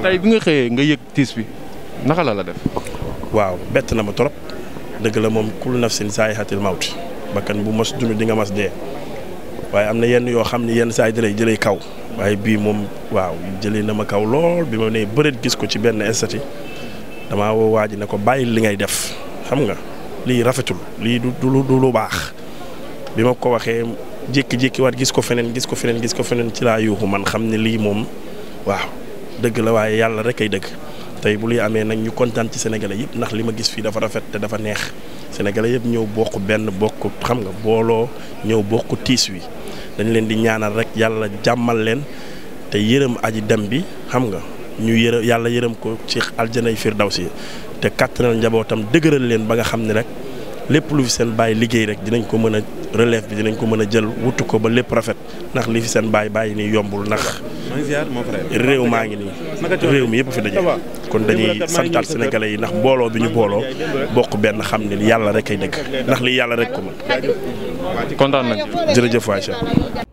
Mm. tey bi nga xëyee nga yëg tiis bi naka la la def. waaw bett na ma trop dëgg la moom kullu nafsin zaa'iqatul mawt bakkan bu mos dund di nga mas dee waaye am na yenn yoo xam ne yenn saa jëlay dalay jëlee kaw waaye bii moom waaw jële na ma kaw lool bi ma nee bëreet gis ko ci benn instant dama woo waa ne ko bàyyil li ngay def xam nga lii rafetul lii du du lu baax bi ma ko waxee jékki-jékki waat gis ko feneen gis ko feneen gis ko feneen ci laa yuuxu man xam ne lii moom waaw. dëgg la waaye yàlla rek ay dëgg tey bu luy amee nag ñu kontaan ci sénégalais yëpp ndax li ma gis fii dafa rafet te dafa neex sénégalais yëpp ñëw bokk benn bokk xam nga booloo ñëw bokk tiis wi dañ leen di ñaanal rek yàlla jàmmal leen te yërëm aji dem bi xam nga ñu yërë yàlla yërëm ko ci aljanay si te kàttanal njabootam dëgëral leen ba nga xam ne rek lépp lu fi seen bàyyi liggéey rek dinañ ko mën a relève bi dinañ ko mën a jël wutu ko ba lépp rafet ndax li fi seen baay bàyyi nii yombul ndax réew maa ngi nii réew mi yëpp fi daje kon dañuy santaat sénégalais yi ndax mbooloo bi ñu booloo bokk benn xam ne yàlla rek ay dëkk ndax li yàlla rek ko ma kontaan nañ jërëjëf waay